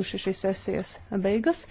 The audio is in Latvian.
kuši šīs sesijas beigas.